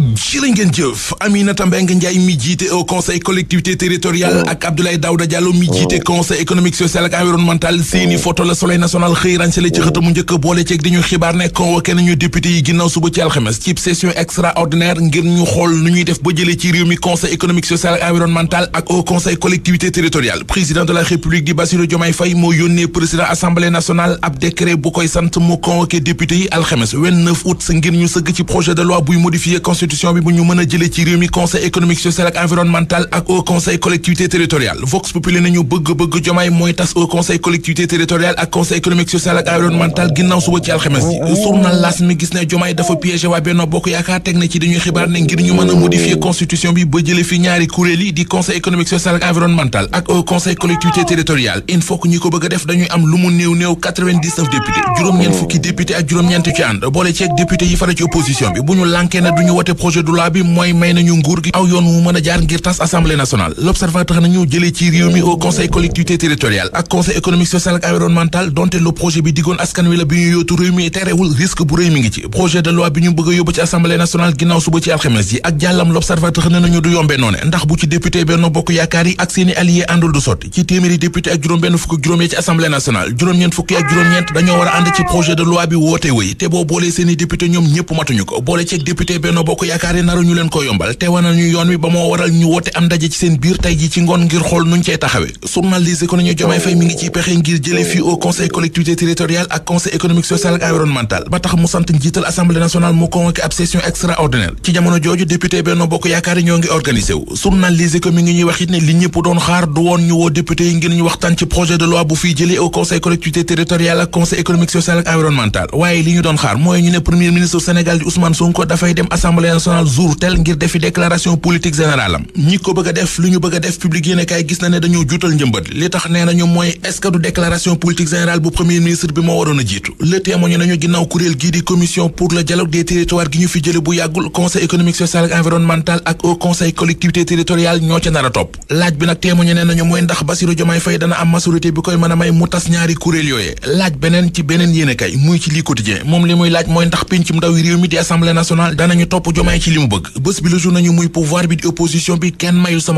jërë ngeen jëf Aminata Mbengue Ndiaye mi jiite au conseil collectivité territoriale oh. ak Abdoulaye Daouda Diallo mi jiite oh. conseil économique social ak environnemental seeni oh. photo la soleil national xëy ransele ci xët mu njëkk boole ceeg di ñu xibaar ne convoqué nañu député yi ginnaaw suba ci alxames ci session extraordinaire ngir ñu xool nu ñuy def ba jëlee ci réew mi conseil économique social ak environnemental ak au conseil collectivité territoriale président constitution bu ñu mën a ci réew mi conseil économique social ak environnemental ak au conseil collectivité territoriale vox populi nañu bëgg-bëgg jomaay mooy tas au conseil collectivité territoriale ak conseil économique social ak environnemental ginnaaw suba ci alxames ji journal las mi gis ne jomaay dafa piégé waa Benno Bokk Yaakaar teg na ci dañuy xibaar ne ngir ñu mën a constitution bi ba jëlee fi ñaari kuréel di conseil économique social ak environnemental projet de loi bi mooy may nañu nguur aw yoon wu mën a jaar ngir tas assemblée nationale l'observateur nañu jëlee ci réew mi au conseil collectivité territoriale ak conseil économique social ak environnemental donte le projet bi diggoon askan wi bi ñu yootu réew mi bu réew mi ngi ci projet de loi bi ñu bëgg a yóbbu ci assemblée nationale ginnaaw suba ci alxames yi ak jàllam l'observateur ne nañu du yombee noone ndax bu ci député Benno Bokk Yaakaar projet de loi bi woote wëy te boo boolee seeni député boole ci député Benno Bokk bokk yaakaar yi naru ñu leen ko yombal te wana ñu yoon wi ba moo waral ñu woote am ndaje ci seen biir tey ji ci ngoon ngir xool nuñ cey taxawe journaliste mi ngi ciy pexe ngir jële fii au conseil collectivité territoriale ak conseil économique social ak environnemental waaye li ñu doon xaar mooy ñu ne premier ministre Sénégal di Ousmane Sonko dafay dem assemblée assemblée nationale jour tel ngir defi déclaration politique générale ñi ko bëgg def lu ñu bëgg def public yéene gis na ne dañoo juutal njëmbat li tax nee nañu mooy est-ce que générale bu premier ministre bi moo waroon a jiitu le témoigne nañu ginnaaw kuréel gii di commission pour le dialogue des territoires gi ñu fi jële bu yàggul conseil économique social environnemental ak au conseil collectivité territoriale ñoo ca nar topp laaj bi nag Diomaye ci li bi la jour nañu muy pouvoir bi di opposition bi kenn li fi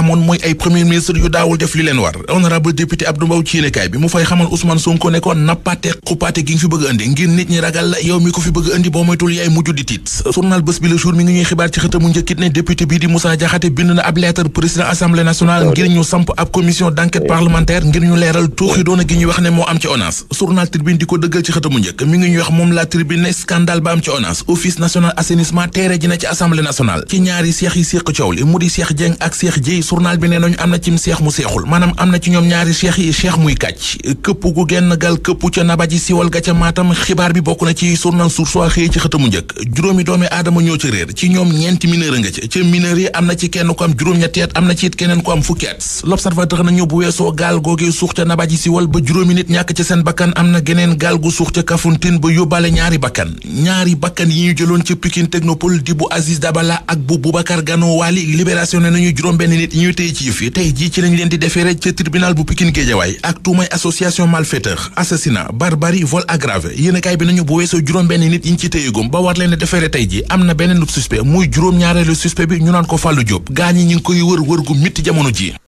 amoon mooy ay premier ministre yu daawul def li leen war honorable député Abdou Mbow ci yéenekaay bi mu fay xamal Ousmane Sonko ne ko nappaate xupaate gi nga fi bëgg indi ngir nit ñi ragal la yow mi ko fi bëgg indi boo moytul yaay mujj di tiit bés bi la jour mi ngi ñuy xibaar ci xëtamu njëkkit ne député bii di Moussa Diakhaté bind na ab lettre président assemblée nationale ngir ñu samp ab commission d'enquête parlementaire ngir ñu leeral tuuxi doona gi ñuy wax ne moo am ci ONAS journal Tribune di ko dëggal ci xëtamu njëkk mi ngi ñuy wax moom la Tribune ne scandale ba am ci ONAS office national assainissement teere ji na ci assemblée nationale ci ñaari seex yi séq coow li mu di Cheikh Dieng ak Cheikh Dieye journal bi nee nañu am na cim seex mu seexul maanaam am na ci ñoom ñaari seex yi seex muy kàcc këpp gu genn gal këpp ca nabaji siwal ga ca maatam xibaar bi bokk na ci journal A xëy ci njëkk juróomi doomi aadama ñoo ca réer ci ñoom ñeenti mineur nga na ci kenn ko am juróom-ñetti at na ci keneen ko am fukki l'Obs l'Observateur nañu bu weesoo gaal googee suux ca si Siwal ba juróomi nit ñàkk ca seen bakkan am na geneen gaal gu suux ca Kafountine ba yóbbaale ñaari bakkan ñaari bakkan yi ñu jëloon ca Pikine Technopole di bu Aziz Dabala ak bu Boubacar Gano Wali libération ne nañu juróom benn nit yi ñuy tey ci yëf tey jii ci lañ leen di defeere ca tribunal bu Pikine Guédiawaye ak tuumay association malfaiteur assassinat barbarie vol aggravé yéenekaay bi nañu bu weesoo juróom nit yi ñu ci téyegum ba war leen defeere tey ji am na beneen suspect muy juróom-ñaareelu suspect bi ñu naan ko Fallou Diop gaañ ñi ngi koy wër wër gu mitti jamono ji